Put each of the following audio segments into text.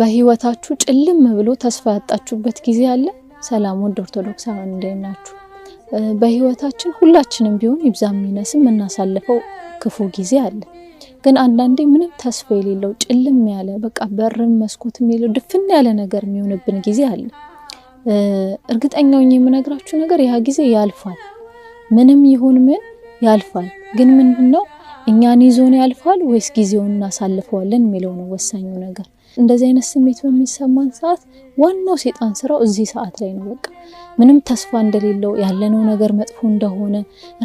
በህይወታችሁ ጭልም ብሎ ተስፋ ያጣችሁበት ጊዜ አለ። ሰላም ወደ ኦርቶዶክሳውያን እንዴት ናችሁ? በህይወታችን ሁላችንም ቢሆን ይብዛም ይነስም የምናሳልፈው ክፉ ጊዜ አለ። ግን አንዳንዴ ምንም ተስፋ የሌለው ጭልም ያለ በቃ በርም መስኮትም የሌለው ድፍን ያለ ነገር የሚሆንብን ጊዜ አለ። እርግጠኛው የምነግራችሁ ነገር ያ ጊዜ ያልፋል። ምንም ይሁን ምን ያልፋል። ግን ምንድን ነው እኛን ይዞን ያልፋል ወይስ ጊዜውን እናሳልፈዋለን የሚለው ነው ወሳኙ ነገር። እንደዚህ አይነት ስሜት በሚሰማን ሰዓት ዋናው ሴጣን ስራው እዚህ ሰዓት ላይ ነው። በቃ ምንም ተስፋ እንደሌለው ያለነው ነገር መጥፎ እንደሆነ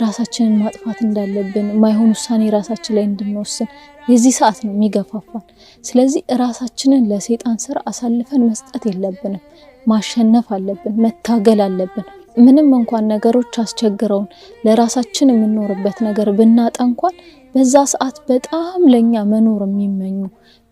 ራሳችንን ማጥፋት እንዳለብን ማይሆን ውሳኔ ራሳችን ላይ እንድንወስን የዚህ ሰዓት ነው የሚገፋፋን። ስለዚህ ራሳችንን ለሴጣን ስራ አሳልፈን መስጠት የለብንም። ማሸነፍ አለብን። መታገል አለብን። ምንም እንኳን ነገሮች አስቸግረውን ለራሳችን የምንኖርበት ነገር ብናጣ እንኳን በዛ ሰዓት በጣም ለእኛ መኖር የሚመኙ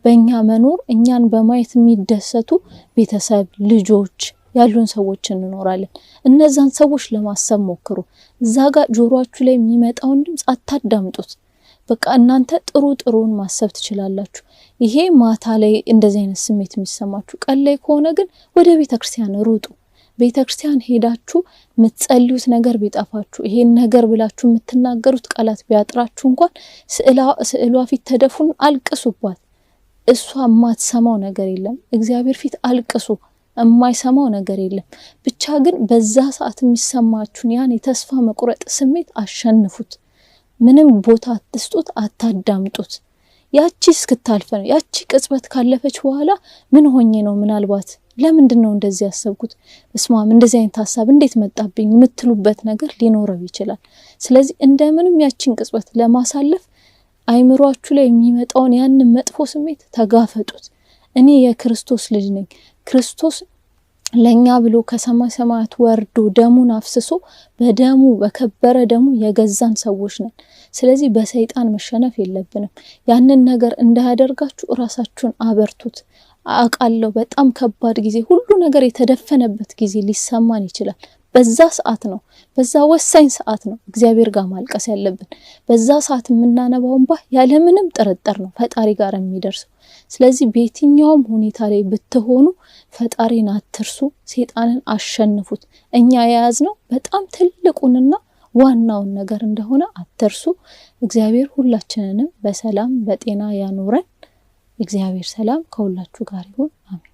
በእኛ መኖር እኛን በማየት የሚደሰቱ ቤተሰብ፣ ልጆች ያሉን ሰዎች እንኖራለን። እነዛን ሰዎች ለማሰብ ሞክሩ። እዛ ጋር ጆሮችሁ ላይ የሚመጣውን ድምፅ አታዳምጡት። በቃ እናንተ ጥሩ ጥሩን ማሰብ ትችላላችሁ። ይሄ ማታ ላይ እንደዚህ አይነት ስሜት የሚሰማችሁ፣ ቀን ላይ ከሆነ ግን ወደ ቤተክርስቲያን ሩጡ። ቤተ ክርስቲያን ሄዳችሁ የምትጸልዩት ነገር ቢጠፋችሁ ይሄን ነገር ብላችሁ የምትናገሩት ቃላት ቢያጥራችሁ እንኳን ስዕሏ ፊት ተደፉን፣ አልቅሱባት። እሷ የማትሰማው ነገር የለም። እግዚአብሔር ፊት አልቅሱ፣ የማይሰማው ነገር የለም። ብቻ ግን በዛ ሰዓት የሚሰማችሁን ያን የተስፋ መቁረጥ ስሜት አሸንፉት። ምንም ቦታ አትስጡት፣ አታዳምጡት። ያቺ እስክታልፈ ነው። ያቺ ቅጽበት ካለፈች በኋላ ምን ሆኜ ነው ምናልባት ለምንድን ነው እንደዚህ ያሰብኩት፣ እስማም እንደዚህ አይነት ሀሳብ እንዴት መጣብኝ የምትሉበት ነገር ሊኖረው ይችላል። ስለዚህ እንደምንም ያችን ቅጽበት ለማሳለፍ አይምሯችሁ ላይ የሚመጣውን ያንን መጥፎ ስሜት ተጋፈጡት። እኔ የክርስቶስ ልጅ ነኝ፣ ክርስቶስ ለእኛ ብሎ ከሰማይ ሰማያት ወርዶ ደሙን አፍስሶ በደሙ በከበረ ደሙ የገዛን ሰዎች ነን። ስለዚህ በሰይጣን መሸነፍ የለብንም። ያንን ነገር እንዳያደርጋችሁ እራሳችሁን አበርቱት። አውቃለሁ። በጣም ከባድ ጊዜ፣ ሁሉ ነገር የተደፈነበት ጊዜ ሊሰማን ይችላል። በዛ ሰዓት ነው፣ በዛ ወሳኝ ሰዓት ነው እግዚአብሔር ጋር ማልቀስ ያለብን። በዛ ሰዓት የምናነባው እንባ ያለምንም ጥርጥር ነው ፈጣሪ ጋር የሚደርሰው። ስለዚህ በየትኛውም ሁኔታ ላይ ብትሆኑ ፈጣሪን አትርሱ፣ ሴጣንን አሸንፉት። እኛ የያዝነው በጣም ትልቁንና ዋናውን ነገር እንደሆነ አትርሱ። እግዚአብሔር ሁላችንንም በሰላም በጤና ያኑረን። እግዚአብሔር ሰላም ከሁላችሁ ጋር ይሁን። አሜን።